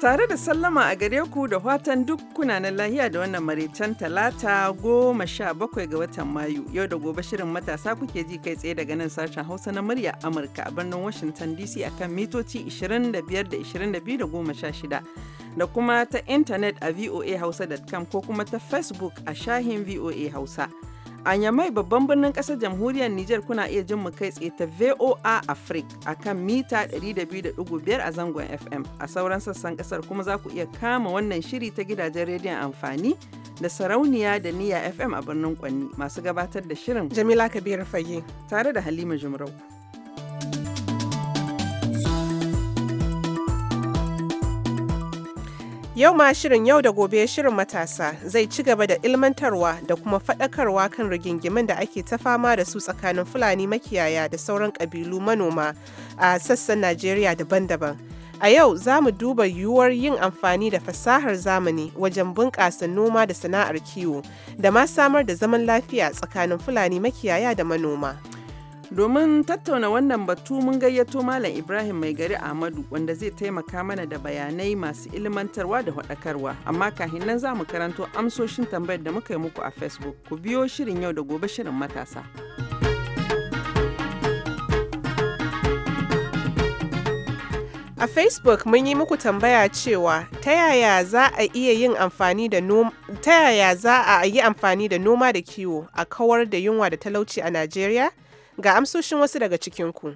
Tare da sallama a gare ku da watan duk kunanan lahiya da wannan maraicen talata goma sha bakwai ga watan Mayu. Yau da gobe shirin matasa kuke ji kai tsaye daga nan sashen Hausa na murya Amurka a birnin Washington DC akan mitoci 25 da 22 da goma sha shida. Da kuma ta intanet a voahausa.com ko kuma ta Facebook a shahin VOA Hausa. A Yamai babban birnin ƙasar jamhuriyar Nijar kuna iya jin mu kai tsaye ta VOA Africa a kan mita 200.5 a zangon FM. A sauran sassan ƙasar kuma za ku iya kama wannan shiri ta gidajen rediyon amfani da sarauniya da niya FM a birnin Kwanni masu gabatar da shirin. Jamila Kabiru Fage. Tare da Halima Jumrau. Yau ma shirin yau da gobe shirin matasa zai ci gaba da ilmantarwa da kuma faɗakarwa kan rigingimin da ake ta fama da su tsakanin Fulani makiyaya da sauran ƙabilu manoma a sassan Najeriya daban-daban. A yau za mu duba yiwuwar yin amfani da fasahar zamani wajen bunƙasa noma da sana'ar kiwo da ma samar da zaman lafiya tsakanin Fulani makiyaya da manoma. Domin tattauna wannan batu mun gayyato Malam Ibrahim Mai Gari Ahmadu wanda zai taimaka mana da bayanai masu ilmantarwa da faɗakarwa. Amma kahin nan za mu karanto amsoshin tambayar da muka yi muku a Facebook. Ku biyo shirin yau da gobe shirin matasa. A Facebook mun yi muku tambaya cewa ta yaya za a yi amfani da noma da kiwo a kawar da yunwa da talauci a Najeriya? Ga amsoshin wasu daga cikinku.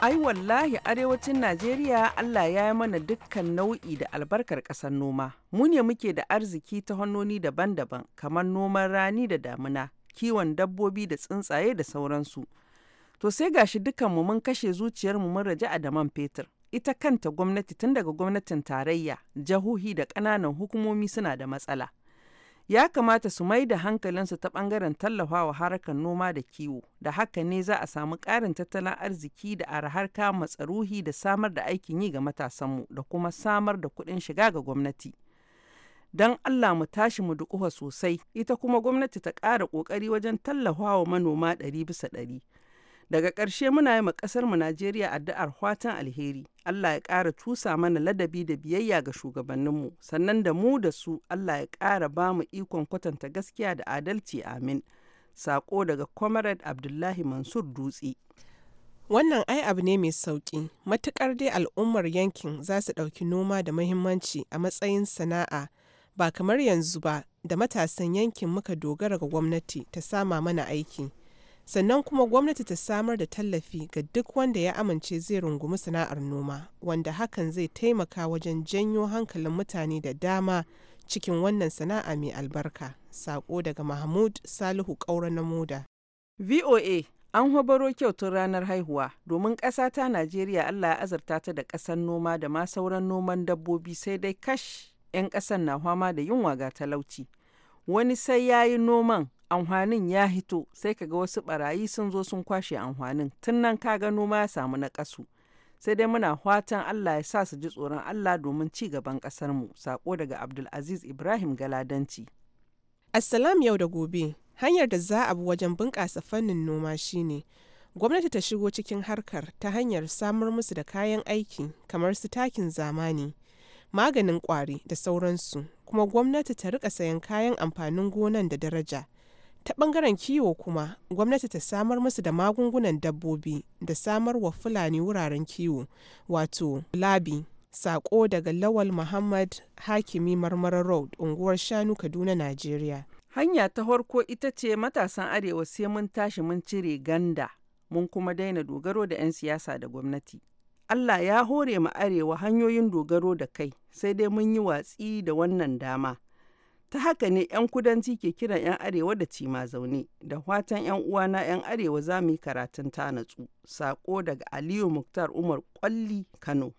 Ai wallahi arewacin Najeriya Allah ya yi mana dukkan nau'i da albarkar ƙasar noma. Mu ne muke da arziki ta hannoni daban-daban kamar noman rani da damuna, kiwon dabbobi da tsuntsaye da sauransu. To sai gashi dukanmu mun kashe zuciyarmu mun raja'a da man fetur. Ita kanta gwamnati tun daga gwamnatin tarayya, jahohi da ƙananan hukumomi suna da matsala. ya kamata su mai da hankalinsu ta ɓangaren tallafawa harkar noma da kiwo da haka ne za a samu ƙarin tattalin arziki da arahar kama matsaruhi da samar da aikin yi ga matasanmu da kuma samar da kuɗin shiga ga gwamnati don allah mu tashi mu duƙuwa sosai ita kuma gwamnati ta ƙara ƙoƙari wajen tallafawa manoma ɗari bisa ɗari Daga ƙarshe muna yi ma mu Najeriya addu'ar fatan alheri. Allah ya ƙara tusa mana ladabi da biyayya ga shugabanninmu, sannan da mu da su Allah ya ƙara ba mu ikon kwatanta gaskiya da adalci amin. Sako daga Comrade Abdullahi Mansur Dutse. Wannan ai abu ne mai sauƙi, matuƙar dai al'ummar yankin za su ɗauki noma da muhimmanci a matsayin sana'a ba kamar yanzu ba da matasan yankin muka dogara ga gwamnati ta sama mana aiki. sannan kuma gwamnati ta samar da tallafi ga duk wanda ya amince zai rungumi sana'ar noma wanda hakan zai taimaka wajen janyo hankalin mutane da dama cikin wannan sana'a mai albarka sako daga mahmud salihu kaura na moda voa an hobaro kyautun ranar haihuwa domin ƙasa ta najeriya allah ya azarta ta da ƙasar noma da ma sauran noman dabbobi sai dai kash 'yan ƙasan na fama da yunwa ga talauci wani sai ya yi noman amfanin ya hito sai kaga wasu barayi sun zo sun kwashe amfanin tun nan ka ga noma ya samu na kasu sai dai muna fatan Allah ya sa su ji tsoron Allah domin ci gaban kasar mu sako daga Abdulaziz Ibrahim Galadanci Assalam yau da gobe hanyar da za a bi wajen bunƙasa fannin noma shine gwamnati ta shigo cikin harkar ta hanyar samar musu da kayan aiki kamar su takin zamani maganin kwari da sauransu kuma gwamnati ta rika sayan kayan amfanin gonan da daraja ta bangaren kiwo kuma gwamnati ta samar musu da magungunan dabbobi da samar wa fulani wuraren kiwo wato labi sako daga lawal muhammad hakimi marmara road unguwar shanu kaduna nigeria hanya ta farko ita ce matasan arewa sai mun tashi mun cire ganda mun kuma daina dogaro da 'yan siyasa da gwamnati allah ya hore mu arewa hanyoyin dogaro da kai sai dai mun yi watsi da wannan dama ta haka ne 'yan kudanci ke kiran 'yan arewa da cima zaune da watan 'yan uwa na 'yan arewa za mu yi karatun ta natsu sako daga aliyu muktar umar kwalli kano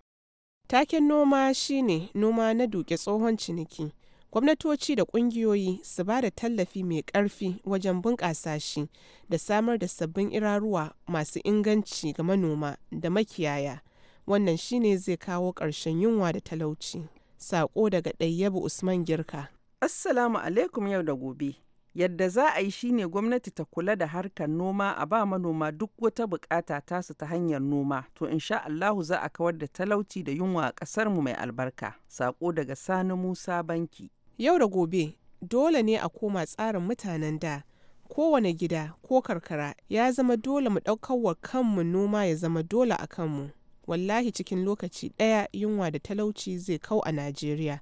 taken noma shine noma na duke tsohon ciniki gwamnatoci da kungiyoyi su ba da tallafi mai karfi wajen bunƙasa shi da samar da sabbin iraruwa masu inganci ga manoma da makiyaya wannan shine zai kawo ƙarshen yunwa da talauci sako daga ɗayyabu usman girka Assalamu alaikum yau da gobe. Yadda za a yi shi ne gwamnati ta kula da harkar noma a ba manoma duk wata bukata tasu ta hanyar noma. To insha Allahu za a kawar da talauci da yunwa a ƙasar mu mai albarka. Sako daga Sani Musa Banki. Yau da gobe dole ne a koma tsarin mutanen da kowane gida ko karkara ya zama dole mu wa kanmu noma ya zama dole a kanmu. Wallahi cikin lokaci ɗaya yunwa da talauci zai kau a Najeriya.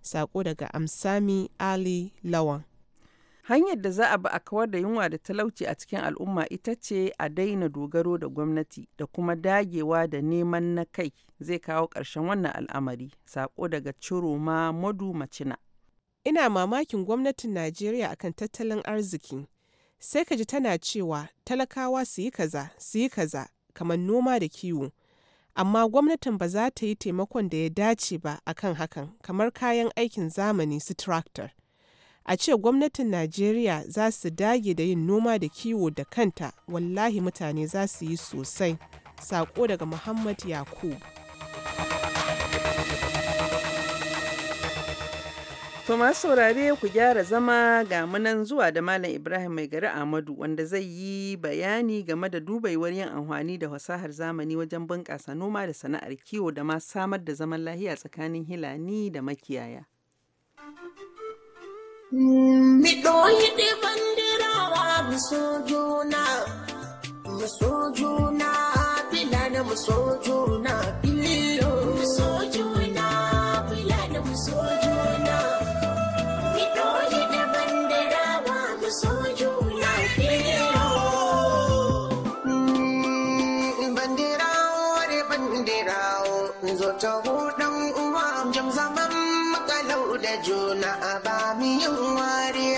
Sako daga Amsami Ali Lawan. Hanyar da za a bi a kawar da yunwa da talauci a cikin al'umma ita ce a daina dogaro da gwamnati da kuma dagewa da neman na kai zai kawo ƙarshen wannan al'amari. Sako daga Ciroma Madu Macina. Ina mamakin gwamnatin Najeriya akan tattalin arziki. Sai ka ji tana cewa talakawa su yi kaza, su yi kaza, kamar noma da kiwo. amma gwamnatin ba za ta yi taimakon da ya dace ba akan hakan kamar kayan aikin zamani su tractor. A ce gwamnatin Najeriya za su dage da yin noma da kiwo da kanta wallahi mutane za su yi sosai. Sako daga Muhammad Yakub. To masu saurare ku gyara zama ga munan zuwa da Malam Ibrahim Mai Gari Ahmadu wanda zai yi bayani game da dubaiwar yin amfani da fasahar zamani wajen bunƙasa noma da sana'ar kiwo da ma samar da zaman lahiya tsakanin hilani da makiyaya. Mi da juna a ba mi yin wariya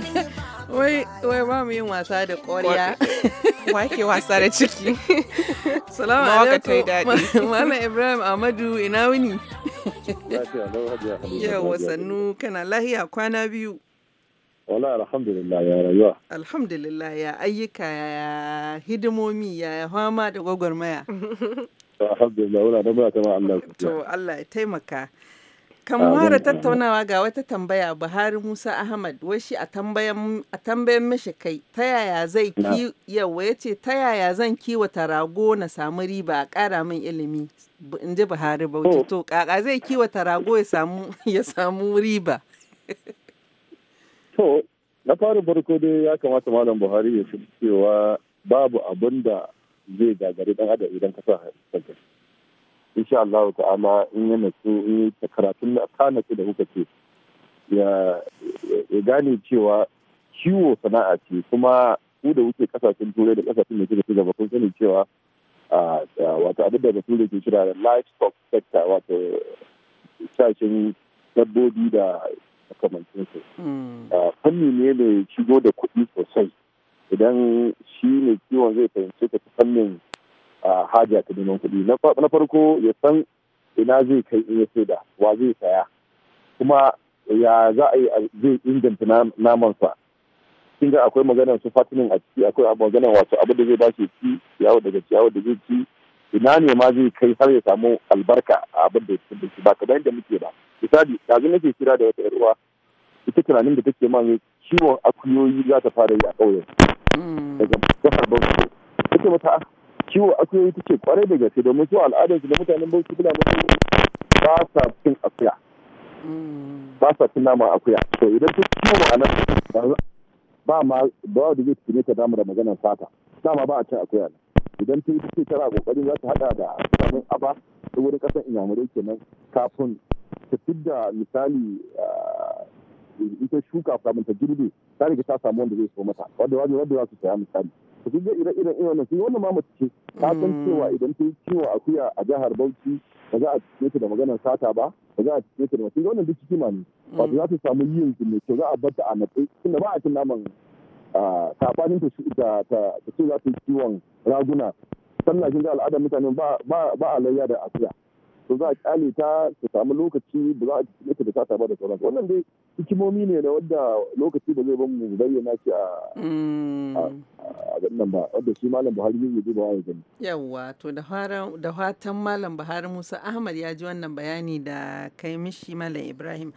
wai wai ba mu yin wasa da ƙwarya ke wasa da ciki salamu alaikum malam ibrahim amadu ina wuni yawa wasannu kana lahiya kwana biyu wala alhamdulillah ya rayuwa alhamdulillah ya ayyuka ya hidimomi ya ya fama da gwagwarmaya alhamdulillah wala da ba ta ma Allah to Allah ya taimaka kan ah, fara tattaunawa ga wata tambaya buhari musa ahmad washi a tambayan mishi kai ta yaya zai ki yawa ya ce ta yaya zan kiwata rago na samu riba a kara min ilimi in ji buhari bauchi oh. to kaka zai kiwata rago ya samu riba to na fara barko dai ya kamata malam buhari ya cewa babu abin da zai gagari dan adam idan ka sa hankali insha Allah ta'ala in yana so in karatun ka natsu da kuka ce ya gane cewa ciwo sana'a ce kuma ku da kuke kasashen turai da kasashen da suka ci gaba kun sani cewa wato abin da bature ke shirya da livestock sector wato sashen dabbobi da makamancinsu hmm. fanni ne mai shigo da kuɗi sosai idan shi ne kiwon zai fahimci ta fannin a haja ta neman kuɗi na farko ya san ina zai kai in ya saida wa zai saya kuma ya za a yi zai inganta namansa kin ga akwai maganar su fatinin a ciki akwai maganar wato abu da zai ba shi ci ciyawa daga ciyawa da zai ci ina ne ma zai kai har ya samu albarka a abin da ya ci ba kamar yadda muke ba misali yanzu nake kira da wata uwa ita tunanin da take man ciwon akuyoyi za ta fara yi a ƙauyen mm. daga jihar bauchi ita mata kiwo akuyoyi take kwarai da gaske domin su su da mutanen bauchi fulani ba sa cin akuya ba sa cin nama akuya to idan su kiwo a nan ba ma ba wa zai cikin ta damu da maganar sata dama ba a cin akuya ne idan ta yi take tara kokarin za ta hada da samun aba ta wurin kasan inyamurai kenan kafin ta fidda misali ah, ita shuka kafin ta girbe ta riga ta samu wanda zai so mata wajen wadda za su saya misali su ga ire-iren ina wannan wannan ma ce ta san hmm. cewa idan ta yi ciwon akuya a jihar Bauchi ba za a cike ta da maganar sata ba ba za a cike ta da mutum wannan duk hikima ne hmm. wato za su samu yin su ne to za a bar ta a natsi tunda ba a cin naman sabanin ta ta ce za su yi ciwon raguna sannan shi ga al'adar mutane ba a layya da akuya to za a kyale ta ta samu lokaci ba za a kyale ta da sata ba da sauransu wannan dai hikimomi ne na wadda lokaci ba zai ban mu bayyana shi a mm. a nan ba wadda shi malam Buhari zai yi ba yanzu yawa to da da fatan malam Buhari Musa Ahmad ya ji wannan bayani da kai mishi malam Ibrahim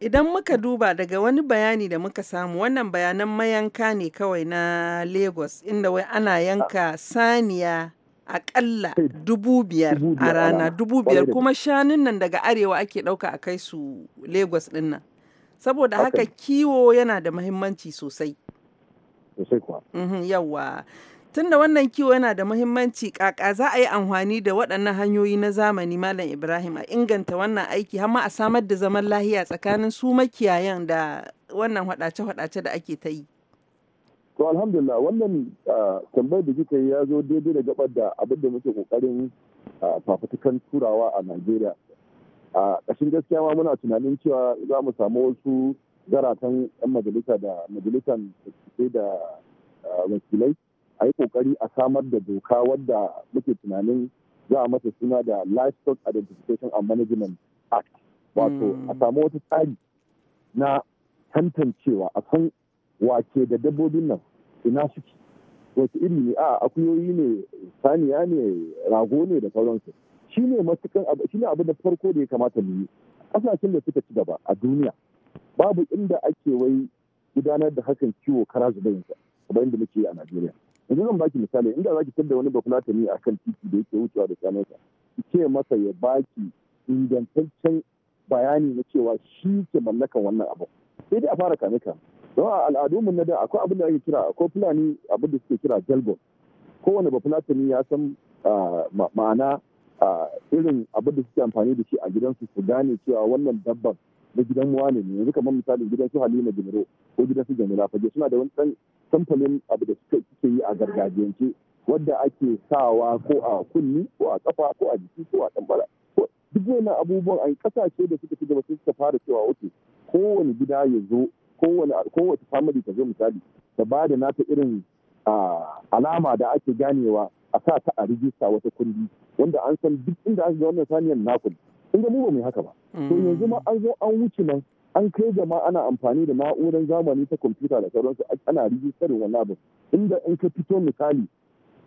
Idan muka duba daga wani bayani da muka samu wannan bayanan mayanka ne kawai na Lagos inda wai ana yanka saniya akalla dubu biyar a rana dubu biyar kuma shanun nan daga arewa ake ɗauka a kai su lagos ɗin nan saboda haka kiwo yana da mahimmanci sosai uhm, yawa tunda wannan kiwo yana da mahimmanci kaka za a yi amfani da waɗannan hanyoyi na zamani malam ibrahim a inganta wannan aiki har ma a samar da zaman lahiya tsakanin su makiyayan da wannan waɗace hwadace da ake ta yi To alhamdulillah wannan ah, tambayar da kika yi ya zo daidai da gabar da abin da muke kokarin ah, fafutukan turawa a Najeriya. A ƙashin gaskiya ma muna tunanin cewa za mu samu wasu zaratan 'yan majalisa da majalisan da ah, wakilai a yi kokari a samar da doka wadda muke tunanin za a mata suna da livestock identification and management act wato a hmm. samu wata tsari na tantancewa a san wake da dabbobin nan ina suke wata iri ne a akuyoyi ne saniya ne rago ne da sauransu shi ne matukan shi ne abin da farko da ya kamata mu yi kasashen da suka ci gaba a duniya babu inda ake wai gudanar da hakan kiwo kara zuba yanzu kamar inda muke a Najeriya yanzu zan baki misali inda zaki tada wani bafulatani a kan titi da yake wucewa da shanunsa ce masa ya baki ingantaccen bayani na cewa shi ke mallakan wannan abu sai dai a fara kame kame don a al'adunmu na da akwai abin da ake kira ko fulani abin da suke kira jalgon kowane ba fulatani ya san ma'ana irin abin da suke amfani da shi a gidansu su gane cewa wannan dabban na gidan wane ne yanzu kamar misali gidan su halima jimiro ko gidan su jamila fage suna da wani dan samfalin abu da suke yi a gargajiyance wadda ake sawa ko a kunni ko a kafa ko a jiki ko a tambara duk wannan abubuwan a kasashe da suka ci gaba suka fara cewa oke kowane gida ya zo kowane kowace family ta zo misali ta ba da nata irin alama da ake ganewa a sa ta a rijista wata kundi wanda an san duk inda aka ga wannan saniyar nakul in ga mu ba mu haka ba to mm. yanzu ma an zo an wuce nan an kai jama'a ana amfani da na'urar zamani ta kwamfuta da sauransu ana rijistar wannan abin inda in ka fito misali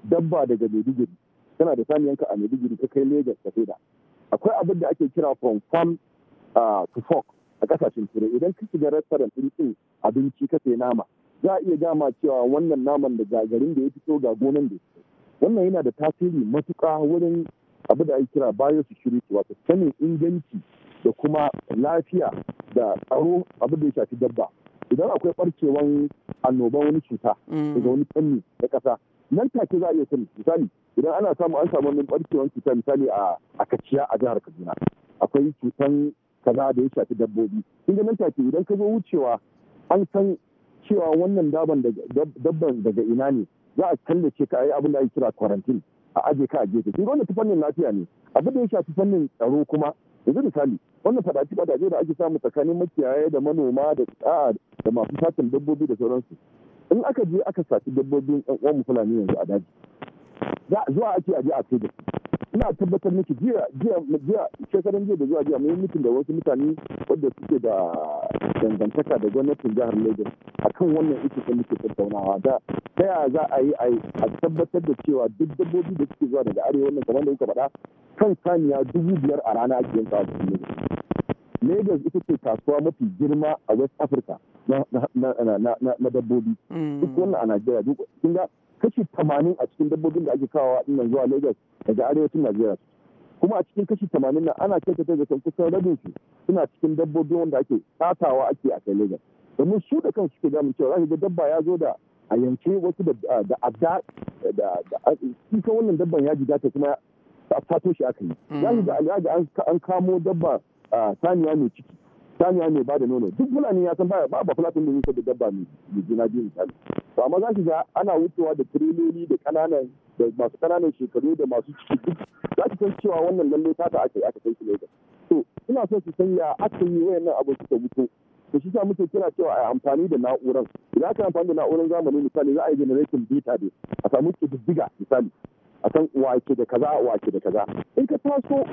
dabba daga maiduguri tana da saniyanka a maiduguri ka kai lagos ka saida akwai abin da ake kira from farm to fork a kasashen turai idan ka shiga restaurant ɗin ɗin abinci ka sai nama za a iya gama cewa wannan naman da garin da ya fito ga gonan da ya wannan yana da tasiri matuƙa wurin abu da ake kira biosecurity wato sanin inganci da kuma lafiya da tsaro abu da ya shafi dabba idan akwai barkewan annoban wani cuta mm. daga wani fanni na ƙasa nan take za a iya sani misali idan ana samu an samu min barkewan cuta misali a kaciya a jihar kaduna akwai cutan kaza da ya shafi dabbobi in ga nan take idan ka zo wucewa an san cewa wannan daban dabban daga ina ne za a tallace ka yi abin da ake kira quarantine a aje ka a gefe kin wannan fannin lafiya ne abin da ya shafi fannin tsaro kuma yanzu misali wannan fadaci ba da ake samu tsakanin makiyaya da manoma da a'a da masu satin dabbobi da sauransu in aka je aka saci dabbobin yan uwan mu fulani yanzu a daji zuwa ake aje a kai da su ina tabbatar miki jiya jiya shekaran jiya da zuwa jiya mun mutum da wasu mutane wadda suke da dangantaka da gwamnatin jihar Lagos akan wannan ita da muke tattaunawa da ta yaya za a yi a tabbatar da cewa duk dabbobi da suke zuwa daga arewa nan kamar da kuka faɗa kan saniya dubu biyar a rana ake yanka a cikin Lagos. Lagos ita ce kasuwa mafi girma a West Africa na dabbobi. Mm. Duk wannan a Najeriya duk kin ga kashi tamanin a cikin dabbobin da ake kawowa dinnan zuwa Lagos daga arewacin Najeriya kuma a cikin kashi tamanin nan ana kyauta da zaton kusan rabin su suna cikin dabbobi wanda ake tatawa ake a kai Lagos domin su da kansu suke damun cewa ga dabba ya zo da a yanke wasu da adda da wannan dabban ya ta kuma a fato shi aka yi ya mm. ga al'ada an kamo dabba saniya mai ciki saniya mai ba da nono duk fulani ya san ba ba fulatin da yake da dabba mai jina biyu misali to amma za ki ga ana wucewa da tireloli da kananan da masu kananan shekaru da masu ciki za ki san cewa wannan lalle ta da aka yi aka kai su Lagos to ina so su sanya aka yi wayannan abu suka wuce to shi sa muke kira cewa a amfani da na'uran idan aka amfani da na'uran zamani misali za a yi generation beta ne a samu diga misali a san wake da kaza wake da kaza in ka taso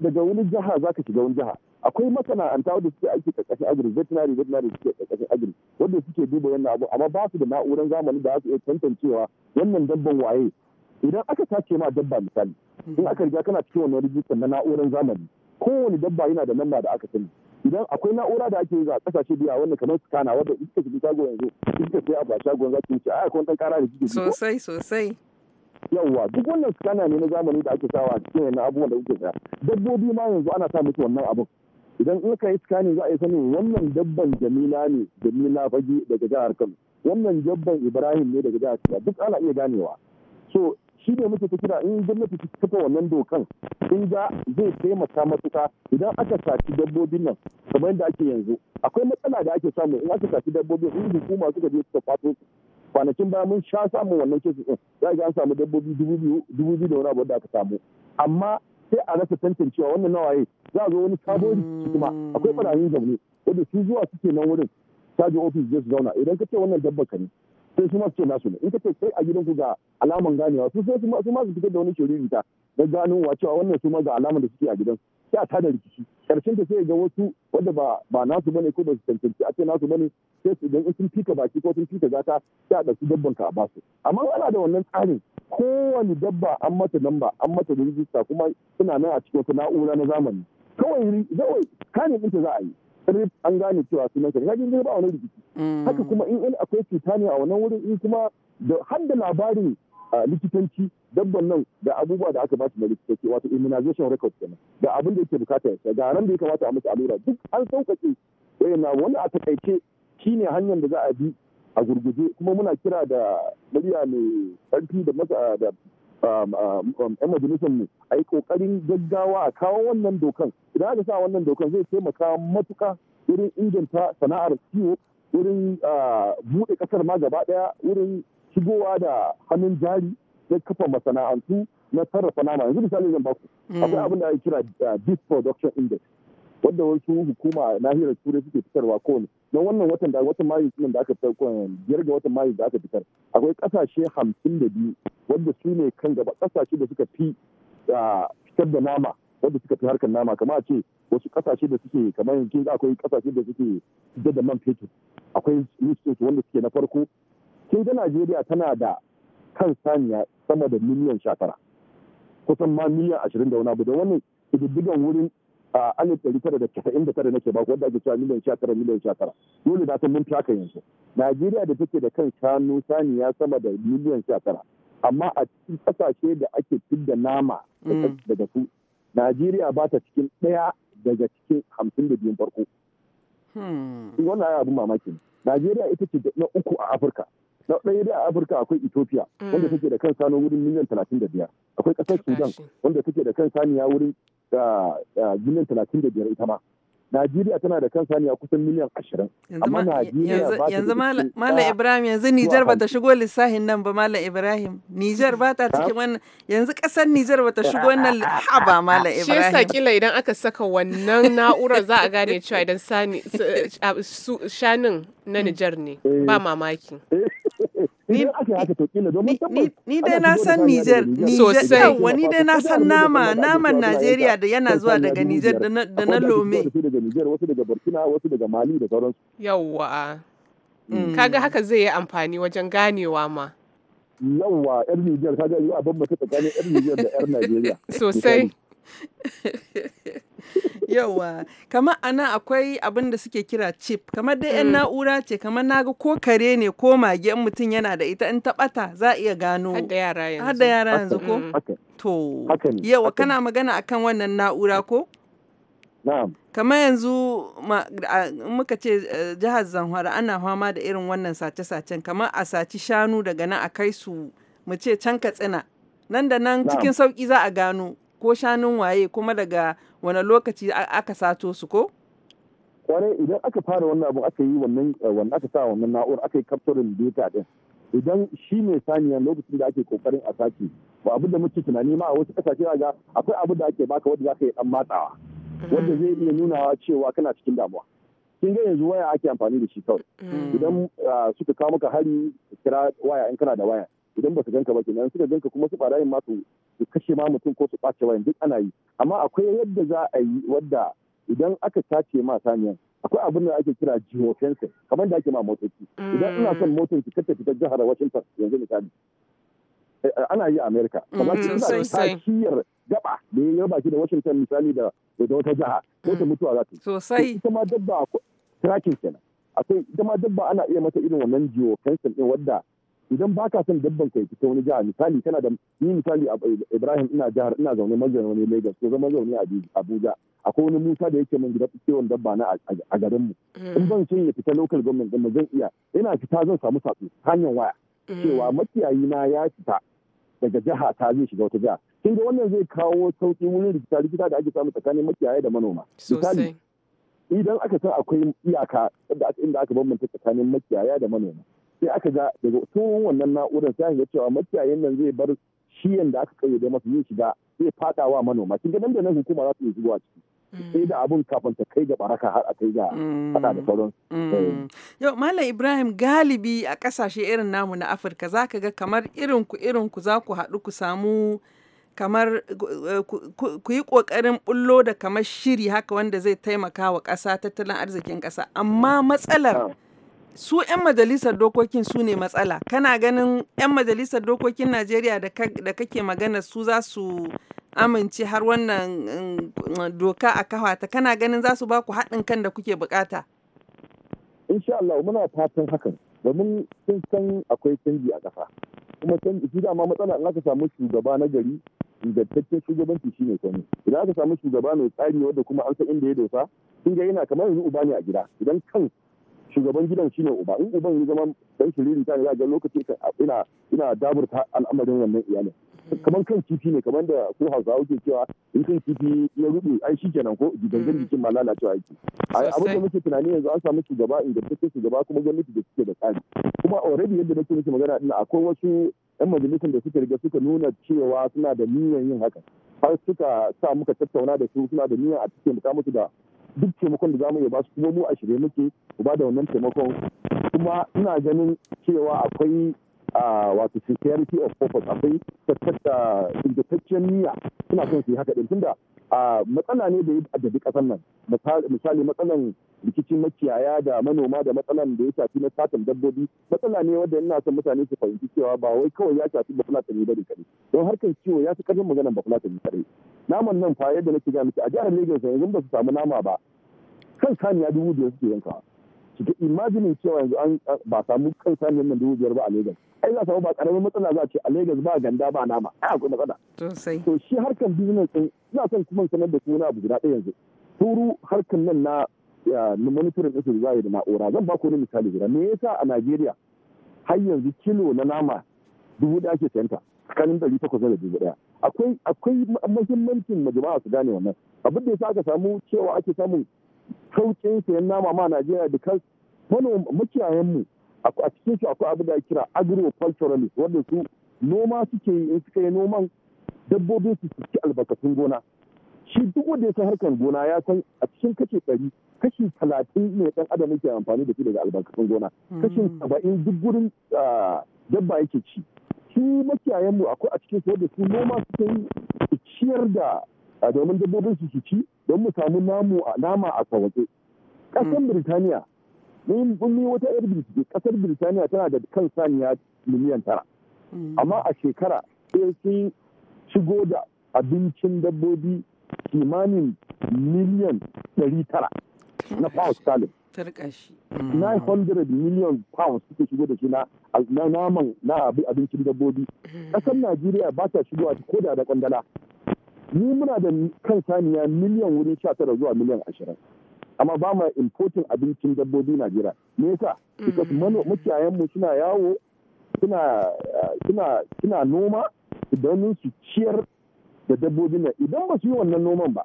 daga wani jiha za ka shiga wani jiha akwai masana'anta wadda suke aiki ƙarƙashin agri veterinary veterinary suke ƙarƙashin agri wadda suke duba wannan abu amma ba su da na'urar zamani da za su iya tantancewa wannan dabban waye idan aka tace ma dabba misali in aka riga kana cikin wannan rijistar na na'urar zamani kowane dabba yana da lamba da aka sani idan akwai na'ura da ake yi a kasashe biya wanda kamar skana in iska shiga shago yanzu iska sai a ba shagon za ki wuce a akwai wani kara da kike sosai sosai yawwa duk wannan skana ne na zamani da ake sawa cikin wannan abubuwan da kuke saya dabbobi ma yanzu ana sa musu wannan abin idan in ka yi scanning za a yi sanin wannan dabban jamila ne jamila fage daga jihar kano wannan dabban ibrahim ne daga jihar kano duk ana iya ganewa so shi ne muke ta kira in gwamnati ta kafa wannan dokan in ga zai taimaka matuka idan aka saci dabbobin nan kamar yadda ake yanzu akwai matsala da ake samu in aka saci dabbobin in hukuma suka je suka kwato kwanakin baya mun sha samun wannan kesu din za ga an samu dabbobi dubu biyu da wani abu da aka samu amma sai a rasa tantancewa wannan nawaye za a zo wani sabo kuma akwai barayin zaune wanda su zuwa suke nan wurin caji ofis zai su zauna idan ka ce wannan dabba ka ne sai su masu ce nasu ne in ka ce kai a ku ga alaman ganewa su sai su masu fitar da wani shiririta na ganowa cewa wannan su ma ga alaman da suke a gidan. sai a tada rikici karshen ta sai ga wasu wanda ba ba nasu bane ko ba su tantance a ce nasu bane sai su idan sun fika baki ko sun fika gata sai a dasu dabban ka a basu amma ana da wannan tsarin kowane dabba an mata lamba an mata rijista kuma suna nan a cikin wata na'ura na zamani kawai kawai kane ɗinta za a yi sai an gane cewa sunan ka kajin ba wani rikici mm. haka kuma in akwai cuta ne a wannan wurin in kuma da har da labarin likitanci dabban nan da abubuwa da aka ba su na likitanci wato immunization record kenan da abin da yake bukata ya ga ran da ya kamata a musu allura duk an sauƙaƙe na wani a takaice shine hanyar da za a bi a gurguje kuma muna kira da murya mai karfi da masa da um, um, yan majalisar mu a yi ƙoƙarin gaggawa a kawo wannan dokan idan aka sa wannan dokan zai taimaka matuka wurin inganta sana'ar kiwo wurin uh, buɗe ƙasar ma gaba ɗaya wurin shigowa da hannun jari na kafa masana'antu na sarrafa nama yanzu misali zan baku mm. akwai abin da ake kira uh, beef production index wanda wasu hukuma nahiyar turai suke fitarwa kowane na wannan watan da watan mayu suna da aka fitar biyar ga watan mayu da aka fitar akwai kasashe hamsin da biyu wanda su ne kan gaba kasashe da suka fi uh, fitar da nama wanda suka fi harkar nama kamar a ce wasu kasashe da suke kamar yanzu akwai kasashe da suke fitar da man fetur akwai wanda suke na farko sai da Najeriya tana da kan saniya sama da miliyan sha tara kusan ma miliyan ashirin da wani abu da wannan ƙididdigan wurin a alif ɗari tara da casa'in da tara nake baku wanda ake cewa miliyan sha tara miliyan sha tara dole da san mun fi haka yanzu Najeriya da take da kan shanu saniya sama da miliyan sha tara amma a cikin ƙasashe da ake da nama mm. daga su Najeriya ba ta cikin ɗaya daga cikin hamsin da biyun farko. Hmm. Wannan abu mamaki. Najeriya ita ce na uku a Afirka. na ɗaya dai a afirka akwai ethiopia wanda mm. take da kan sano wurin miliyan talatin da biyar akwai ƙasar sudan wanda take da kan saniya wurin miliyan talatin da biyar ita ma Najeriya tana da kan saniya kusan miliyan ashirin. Amma Najeriya ba Yanzu Malam Ibrahim yanzu Nijar bata shigo lissahin nan ba Malam Ibrahim. Nijar ba ta cikin wannan yanzu kasar Nijar bata shigo wannan haba Malam Ibrahim. Shi yasa kila idan aka saka wannan na'urar za a gane cewa idan sani shanin na mm. Nijar ne eh. ba mamaki. Eh. Ni dai na san Nijar Wani dai na san nama naman Najeriya da yana zuwa daga Nijar da na lome. Yawwa. Kaga mm. haka zai yi amfani wajen ganewa ma. Yawwa, 'yar Nijar, kaga yi abin mace tsakanin 'yar Nijar da 'yar Najeriya. Sosai. Yawa, kamar ana akwai abin da suke kira chip, kamar dai 'yan mm. na'ura ce, kamar ga ko kare ne ko mage in mutum yana da ita in ta bata za a iya gano. Har da yara yanzu. ko? Mm. To, yawa kana magana akan wannan na'ura ko? Kamar yanzu muka ce eh, jihar zanhara ana fama da irin wannan sace-sacen, kamar a saci shanu daga nan a kai su mu ce can Katsina. Nan da nan cikin sauki za a gano ko shanun waye kuma daga wani lokaci aka sato su ko? kwarai idan aka fara wannan abu aka yi wannan eh, wannan aka sa wannan na'urar aka yi capturing data din idan shi ne saniya lokacin da ake kokarin a sake ba abin da muke tunani ma a wasu kasashe ga akwai abun da ake baka wanda zaka yi dan matsawa mm-hmm. wanda zai iya nunawa cewa kana cikin damuwa kin ga yanzu waya ake amfani da shi kawai mm-hmm. idan ah, suka kawo maka hari kira waya in kana da waya idan ba su ganka ba kenan suka ganka kuma su yin masu su kashe ma mutum ko su ɓace wayan duk ana yi amma akwai yadda za a yi wadda idan aka tace ma saniyan akwai abin da ake kira geofencing kamar da ake ma motoci idan ina son motocin ki tafi fitar jihar Washington yanzu misali eh, eh, ana yi a America kamar mm, ki ina da tashiyar gaba da ya yaba shi da Washington misali da da wata jiha mm. ko ta mutuwa za ta sosai ita ma dabba tracking kenan akwai ita ma dabba ana iya mata irin wannan geofencing din wadda idan ba ka son dabban ka fita wani jiha misali kana da ni misali Ibrahim ina jihar ina zaune wani Lagos ko zama zaune a Abuja akwai wani Musa da yake min gidan kiwon dabba na a garin mu mm. in ban son ya fita local government din zan iya ina fita zan samu sako hanyar waya mm. cewa makiyayi na ya fita daga jiha ta zai shiga wata jiha kin ga wannan zai kawo sauki wurin rikita rikita da ake samu tsakanin makiyaya da manoma misali idan aka san akwai iyaka inda aka bambanta tsakanin makiyaya da manoma sai aka ga daga tun wannan na'urar sai ga cewa makiyayin nan zai bar shiyan da aka kayyade masa yin shiga zai fada wa manoma kin nan da nan hukuma za su iya zuwa ciki mm. sai da abun kafin ta kai ga baraka har a kai ga mm. fada da sauran mm. yau malam ibrahim galibi a kasashe irin namu na afirka zaka ga kamar irin ku irin ku za ku haɗu ku samu kamar ku yi ƙoƙarin bullo da kamar shiri haka wanda zai taimaka wa ƙasa tattalin arzikin ƙasa amma matsalar ah. su 'yan majalisar dokokin su ne matsala kana ganin 'yan majalisar dokokin najeriya da kake magana su za su amince har wannan mm, doka a kawata kana ganin za su ba ku haɗin kan da kuke bukata insha Allah muna fatan hakan domin sun san akwai canji a ƙasa kuma canji shi dama matsala in aka samu shugaba na gari ingantaccen shugabanci shine sani idan aka samu shugaba mai tsari wanda kuma an san inda ya dosa kin ga yana kamar yanzu uba ne a gida idan kan shugaban gidan shine uba in uban ya zama dan shiriri ta ga lokacin ina ina daburta al'amarin wannan iyalin kamar kan kifi ne kamar da ko hausa ke cewa in kan kifi ya rube ai kenan ko gidan mm. jikin ma lalacewa yake ai abin da muke tunani yanzu an samu shugaba ingantacce shugaba kuma gwamnati da suke da tsari kuma already yadda nake miki magana din akwai wasu yan majalisar da suka riga suka nuna cewa suna da niyyar yin haka har suka sa muka tattauna da su suna da niyyar a cikin muka musu da duk taimakon da za mu iya basu kuma mu a shirye muke ku ba da wannan taimakon kuma ina ganin cewa akwai wato security of purpose akwai tattata ingantaccen niyya suna son su yi haka din tunda matsala ne da ya addabi ƙasar nan misali matsalan rikicin makiyaya da manoma da matsalan da ya shafi na satan dabbobi matsala ne wanda ina son mutane su fahimci cewa ba wai kawai ya shafi ba ba ne kadai don harkar ciwo ya fi karfin maganar bafulatani kare. naman nan fa yadda nake ga miki a jihar Lagos yanzu ba su samu nama ba kan saniya dubu biyar suke yanka su ga imajinin cewa yanzu an ba samu kan saniyar nan dubu biyar ba a Lagos ai za samu ba karamin matsala za a ce a Lagos ba ganda ba nama ai akwai matsala sosai to shi harkar business din ina son kuma sanar da ku na abu guda ɗaya yanzu turu harkar nan na monitoring ɗinsu za yi da na'ura zan ba ku wani misali guda me yasa a najeriya har yanzu kilo na nama dubu ɗaya ake sayanta tsakanin ɗari takwas da dubu ɗaya akwai akwai muhimmancin majama'a su gane wannan abin da yasa aka samu cewa ake samun sauƙin sayan nama ma najeriya da because manoma makiyayenmu a cikin su akwai abin da ake kira agro-culturalist wanda su noma suke yi in suka yi noman dabbobin su ci albarkatun gona shi duk wanda ya san harkar gona ya san a cikin kace ɗari kashi talatin ne ɗan adam yake amfani da shi daga albarkatun gona hmm. kashin saba'in duk gurin ah, dabba yake ci shi makiyayan mu akwai a cikin su wanda su noma suke yi su ciyar da ah, domin dabbobin su ci don mu samu nama a sauƙe hmm. ƙasar birtaniya mun yi wata yar bincike ƙasar birtaniya tana da kan saniya miliyan tara hmm. amma a shekara sai sun shigo da abincin dabbobi kimanin miliyan ɗari tara na pound sterling hmm. nine 900 million pounds suke shigo da shi na naman na abincin dabbobi ƙasar hmm. najeriya ba ta a ko da kwandala ni muna da kan saniya miliyan wurin sha tara zuwa miliyan ashirin amma ba ma importin abincin dabbobi najeriya me yasa hmm. because makiyayan mu suna yawo suna noma idan su ciyar da dabbobin nan idan ba su yi wannan noman ba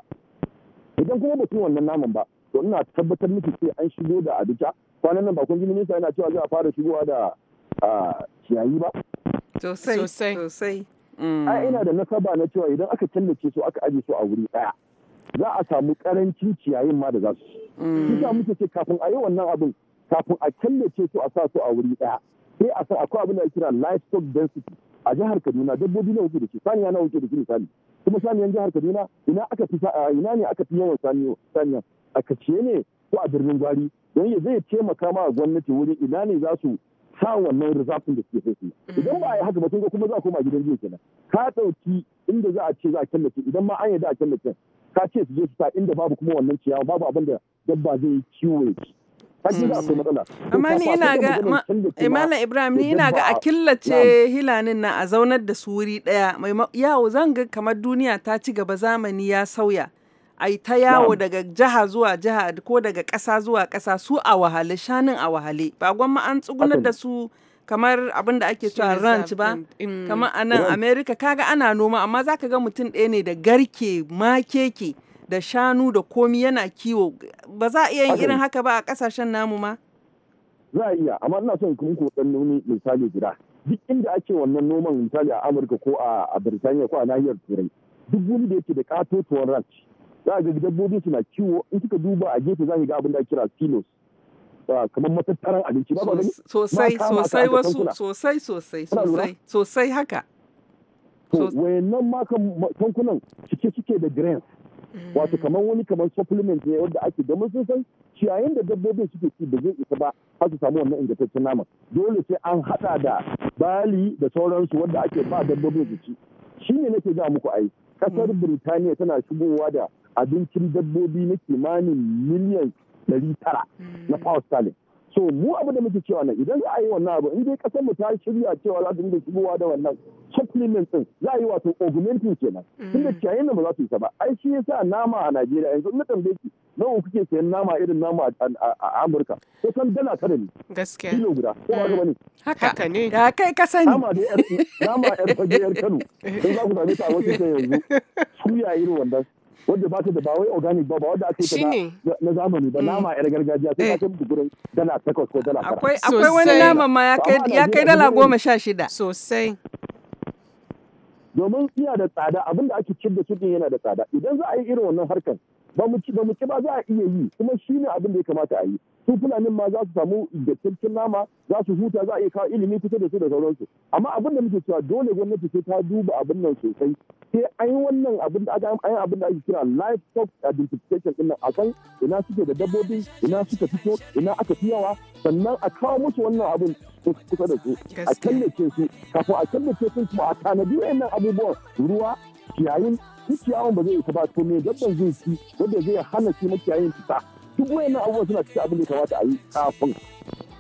idan kuma ba su yi wannan naman ba to ina tabbatar miki sai an shigo da abita kwanan nan ba kun ji minista yana cewa za a fara shigowa da ciyayi ba sosai sosai a mm. ina da nasaba na cewa idan aka tallace su aka aje su a wuri daya za a samu karancin ciyayin ma da za su mm. shi sa muke ce kafin a yi wannan abin kafin a tallace su a sa su a wuri daya sai a san akwai abin da kira livestock density a jihar Kaduna dabbobi na wuce da shi saniya na wuce da shi misali kuma saniyan jihar Kaduna ina aka fi ina ne aka fi yawan saniya tsakaciye ne ko a birnin gwari don ya zai taimaka ma gwamnati wuri ina ne za su sa wannan rizafin da suke sai idan ba a yi haka ba ko kuma za a koma gidan jiya kenan ka ɗauki inda za a ce za a killace idan ma an yarda a killace ka ce su je su sa inda babu kuma wannan ciyawa babu abin da dabba zai kiwo ya ci mm. amma ni ina ga imala eh, ibrahim ni ina ga a killace hilanin na a zaunar da su wuri daya yawo zan ga kamar duniya ta ci gaba zamani ya sauya A ta yawo daga jiha zuwa jiha ko daga ƙasa zuwa ƙasa su a wahale shanun a wahale ba gwamma an tsugunar da su kamar abin da ake cewa ranch ba mm, kamar a nan america kaga ana noma amma za ka ga mutum ɗaya ne da garke makeke da shanu da komi yana kiwo ba za a iya yin irin haka ba a ƙasashen namu ma za a iya amma ina son kun ko dan nuni misali guda duk inda ake wannan noman misali a amurka ko a birtaniya ko a nahiyar turai duk wani da yake da katotuwan ranch za a ga dabbobi suna kiwo in kika duba a gefe za ki ga abin da kira silos ah, kamar matattaran abinci ba gani sosai sosai wasu sosai sosai sosai sosai haka to wayannan ma tankunan cike suke da grains mm. wato kamar wani kamar supplement ne wanda ake domin sun san ciyayin da dabbobin suke ci ba zai isa ba har su samu wannan ingantaccen nama dole sai an hada da bali da sauransu wanda ake ba dabbobin su ci shine nake ga muku ai kasar mm. Birtaniya tana shigowa da abincin dabbobi na kimanin miliyan 900 hmm. na power sterling so mu abu da muke cewa nan idan za a yi wannan abu in dai kasar mu ta shirya cewa za su dinga shigowa da wannan supplement din za a yi wato augmenting kenan hmm. tunda ciyayin nan ba za su yi ba ai shi yasa nama a Najeriya yanzu na tambaye ki nawa kuke sayan nama irin nama a Amurka ko san dala tare ne gaskiya kilo guda ko hmm. ba ga bane haka ne da kai ka sani nama da yar nama yar fage yar Kano sai za ku same ta a wasu yanzu suya irin wannan wanda ba ta da bawai organic ba ba wanda ake ta na zamani ba mm. nama yar gargajiya sai ka eh. tafi gurin dala takwas ko dala akwai Akwai wani nama ma ya kai dala goma sha shida. Sosai. Domin iya da tsada abinda ake cin da cikin yana da tsada idan za a yi irin wannan harkar ba mu ci ba mu ba za a iya yi kuma shi ne abin da ya kamata a yi su fulanin ma za su samu dattaccen nama za su huta za a iya kawo ilimi kusa da su da sauransu amma abin da muke cewa dole gwamnati sai ta duba abin nan sosai sai an yi wannan abin da aka yi abin da ake kira livestock identification din nan a san ina suke da dabbobi ina suka fito ina aka fi yawa sannan a kawo musu wannan abin kusa da su a kallace su kafin a kallace su kuma a tanadi wayannan abubuwan ruwa ciyayin shi ciyawan ba zai isa ba to me dabban zai ci wanda zai hana shi makiyayin fita duk wayannan abubuwan suna cikin abin da ya kamata a yi kafin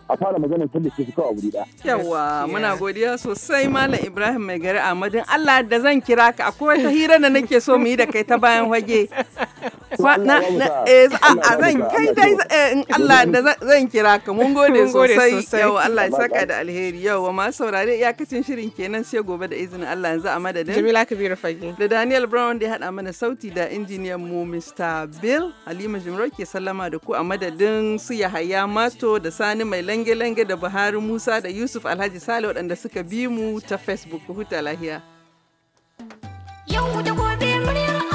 a fara maganar da ke kawai a wuri ɗaya. Yawa muna godiya sosai Malam Ibrahim mai gari Ahmadin Allah da zan kira ka akwai ta hira da nake so mu yi da kai ta bayan fage. Eh, a zan kai dai eh, in Allah da zan kira ka mun gode sosai yau Allah ya saka da alheri yau wa masu saurare iyakacin shirin kenan sai gobe da izinin Allah yanzu a madadin. Jamila Kabiru Fage. Da Daniel Brown da ya haɗa mana sauti da injiniyan mu Mr. Bill Halima Jimro ke sallama da ku a madadin su Yahaya Mato da Sani Mai lange-lange da Buhari Musa da Yusuf Alhaji Sale waɗanda suka bi mu ta Facebook huta lahiya. Yau da gobe muryar